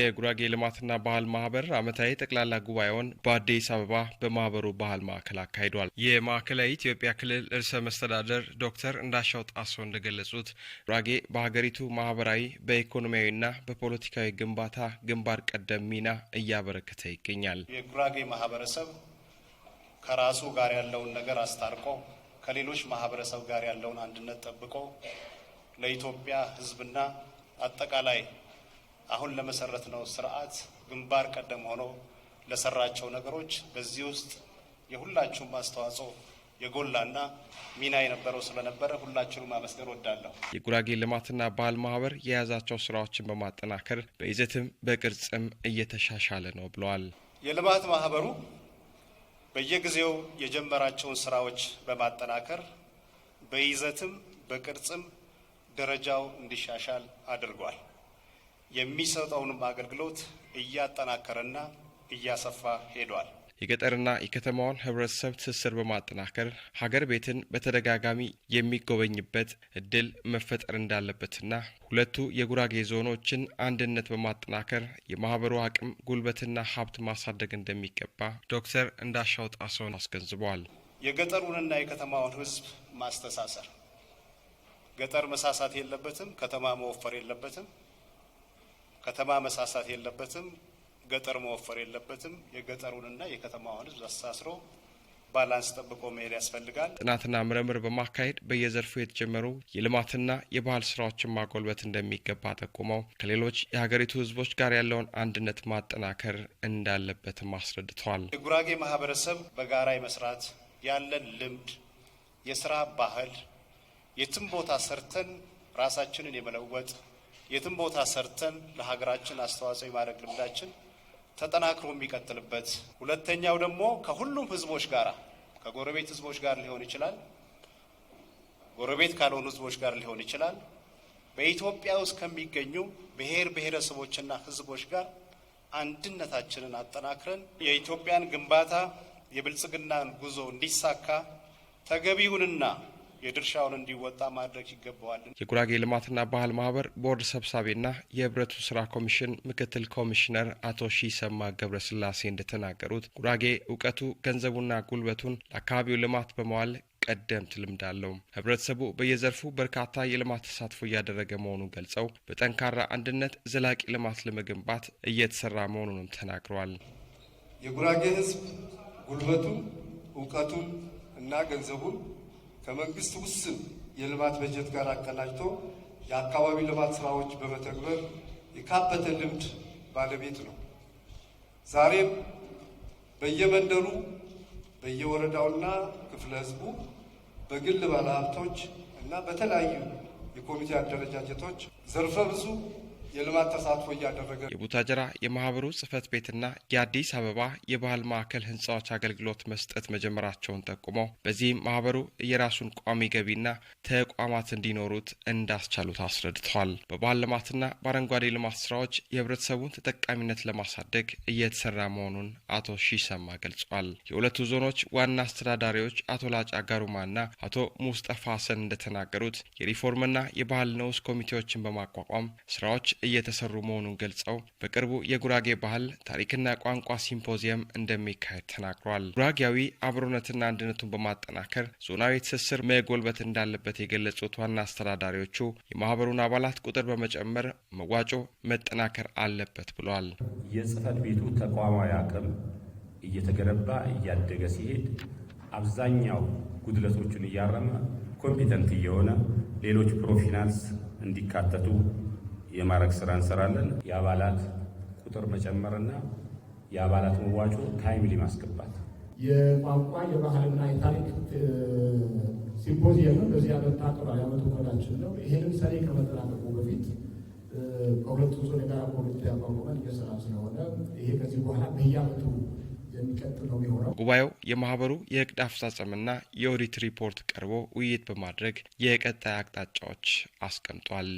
የጉራጌ ልማትና ባህል ማህበር አመታዊ ጠቅላላ ጉባኤውን በአዲስ አበባ በማህበሩ ባህል ማዕከል አካሂዷል። የማዕከላዊ ኢትዮጵያ ክልል ርዕሰ መስተዳደር ዶክተር እንዳሻው ጣሶ እንደገለጹት ጉራጌ በሀገሪቱ ማህበራዊ፣ በኢኮኖሚያዊና በፖለቲካዊ ግንባታ ግንባር ቀደም ሚና እያበረከተ ይገኛል። የጉራጌ ማህበረሰብ ከራሱ ጋር ያለውን ነገር አስታርቆ ከሌሎች ማህበረሰብ ጋር ያለውን አንድነት ጠብቆ ለኢትዮጵያ ህዝብና አጠቃላይ አሁን ለመሰረት ነው ስርዓት ግንባር ቀደም ሆኖ ለሰራቸው ነገሮች በዚህ ውስጥ የሁላችሁም አስተዋጽኦ የጎላና ሚና የነበረው ስለነበረ ሁላችሁንም ማመስገን ወዳለሁ። የጉራጌ ልማትና ባህል ማህበር የያዛቸው ስራዎችን በማጠናከር በይዘትም በቅርጽም እየተሻሻለ ነው ብለዋል። የልማት ማህበሩ በየጊዜው የጀመራቸውን ስራዎች በማጠናከር በይዘትም በቅርጽም ደረጃው እንዲሻሻል አድርጓል። የሚሰጠውንም አገልግሎት እያጠናከረና እያሰፋ ሄዷል። የገጠርና የከተማዋን ህብረተሰብ ትስስር በማጠናከር ሀገር ቤትን በተደጋጋሚ የሚጎበኝበት እድል መፈጠር እንዳለበትና ሁለቱ የጉራጌ ዞኖችን አንድነት በማጠናከር የማህበሩ አቅም ጉልበትና ሀብት ማሳደግ እንደሚገባ ዶክተር እንዳሻው ጣሰውን አስገንዝበዋል። የገጠሩንና የከተማውን ህዝብ ማስተሳሰር ገጠር መሳሳት የለበትም፣ ከተማ መወፈር የለበትም። ከተማ መሳሳት የለበትም፣ ገጠር መወፈር የለበትም። የገጠሩንና የከተማውን ህዝብ አስተሳስሮ ባላንስ ጠብቆ መሄድ ያስፈልጋል። ጥናትና ምርምር በማካሄድ በየዘርፉ የተጀመሩ የልማትና የባህል ስራዎችን ማጎልበት እንደሚገባ ጠቁመው ከሌሎች የሀገሪቱ ህዝቦች ጋር ያለውን አንድነት ማጠናከር እንዳለበትም አስረድተዋል። የጉራጌ ማህበረሰብ በጋራ የመስራት ያለን ልምድ፣ የስራ ባህል የትም ቦታ ሰርተን ራሳችንን የመለወጥ የትም ቦታ ሰርተን ለሀገራችን አስተዋጽኦ የማድረግ ልምዳችን ተጠናክሮ የሚቀጥልበት፣ ሁለተኛው ደግሞ ከሁሉም ህዝቦች ጋር ከጎረቤት ህዝቦች ጋር ሊሆን ይችላል፣ ጎረቤት ካልሆኑ ህዝቦች ጋር ሊሆን ይችላል፣ በኢትዮጵያ ውስጥ ከሚገኙ ብሔር ብሔረሰቦችና ህዝቦች ጋር አንድነታችንን አጠናክረን የኢትዮጵያን ግንባታ የብልጽግናን ጉዞ እንዲሳካ ተገቢውንና የድርሻውን እንዲወጣ ማድረግ ይገባዋል። የጉራጌ ልማትና ባህል ማህበር ቦርድ ሰብሳቢና የህብረቱ ስራ ኮሚሽን ምክትል ኮሚሽነር አቶ ሺሰማ ገብረስላሴ እንደተናገሩት ጉራጌ እውቀቱ ገንዘቡና ጉልበቱን ለአካባቢው ልማት በመዋል ቀደምት ልምድ አለው። ህብረተሰቡ በየዘርፉ በርካታ የልማት ተሳትፎ እያደረገ መሆኑን ገልጸው በጠንካራ አንድነት ዘላቂ ልማት ለመገንባት እየተሰራ መሆኑንም ተናግረዋል። የጉራጌ ህዝብ ጉልበቱን እውቀቱን እና ገንዘቡን ከመንግስት ውስን የልማት በጀት ጋር አቀናጅቶ የአካባቢ ልማት ስራዎች በመተግበር የካበተ ልምድ ባለቤት ነው። ዛሬም በየመንደሩ በየወረዳውና ክፍለ ህዝቡ በግል ባለሀብቶች እና በተለያዩ የኮሚቴ አደረጃጀቶች ዘርፈ ብዙ የልማት ተሳትፎ እያደረገ የቡታጀራ የማህበሩ ጽህፈት ቤትና የአዲስ አበባ የባህል ማዕከል ህንፃዎች አገልግሎት መስጠት መጀመራቸውን ጠቁመው በዚህም ማህበሩ የራሱን ቋሚ ገቢና ተቋማት እንዲኖሩት እንዳስቻሉት አስረድተዋል። በባህል ልማትና በአረንጓዴ ልማት ስራዎች የህብረተሰቡን ተጠቃሚነት ለማሳደግ እየተሰራ መሆኑን አቶ ሺሰማ ገልጿል። የሁለቱ ዞኖች ዋና አስተዳዳሪዎች አቶ ላጫ ጋሩማና አቶ ሙስጠፋ ሀሰን እንደተናገሩት የሪፎርምና የባህል ንዑስ ኮሚቴዎችን በማቋቋም ስራዎች እየተሰሩ መሆኑን ገልጸው በቅርቡ የጉራጌ ባህል ታሪክና ቋንቋ ሲምፖዚየም እንደሚካሄድ ተናግሯል። ጉራጌያዊ አብሮነትና አንድነቱን በማጠናከር ዞናዊ ትስስር መጎልበት እንዳለበት የገለጹት ዋና አስተዳዳሪዎቹ የማህበሩን አባላት ቁጥር በመጨመር መዋጮ መጠናከር አለበት ብሏል። የጽህፈት ቤቱ ተቋማዊ አቅም እየተገነባ እያደገ ሲሄድ አብዛኛው ጉድለቶቹን እያረመ ኮምፒተንት እየሆነ ሌሎች ፕሮፌሽናልስ እንዲካተቱ የማረግ ስራ እንሰራለን። የአባላት ቁጥር መጨመርና የአባላት መዋጮ ታይምሊ ማስገባት የቋንቋ የባህልና የታሪክ ሲምፖዚየም በዚህ ዓመት ታቅዷል። የዓመቱ መዳችን ነው። ይሄንም ሰኔ ከመጠናቀቁ በፊት ከሁለቱ ዞን የጋራ ኮሚቴ አቋቁመን እየሰራ ስለሆነ ይሄ ከዚህ በኋላ በየዓመቱ የሚቀጥለው ጉባኤው የማህበሩ የእቅድ አፈጻጸምና የኦዲት ሪፖርት ቀርቦ ውይይት በማድረግ የቀጣይ አቅጣጫዎች አስቀምጧል።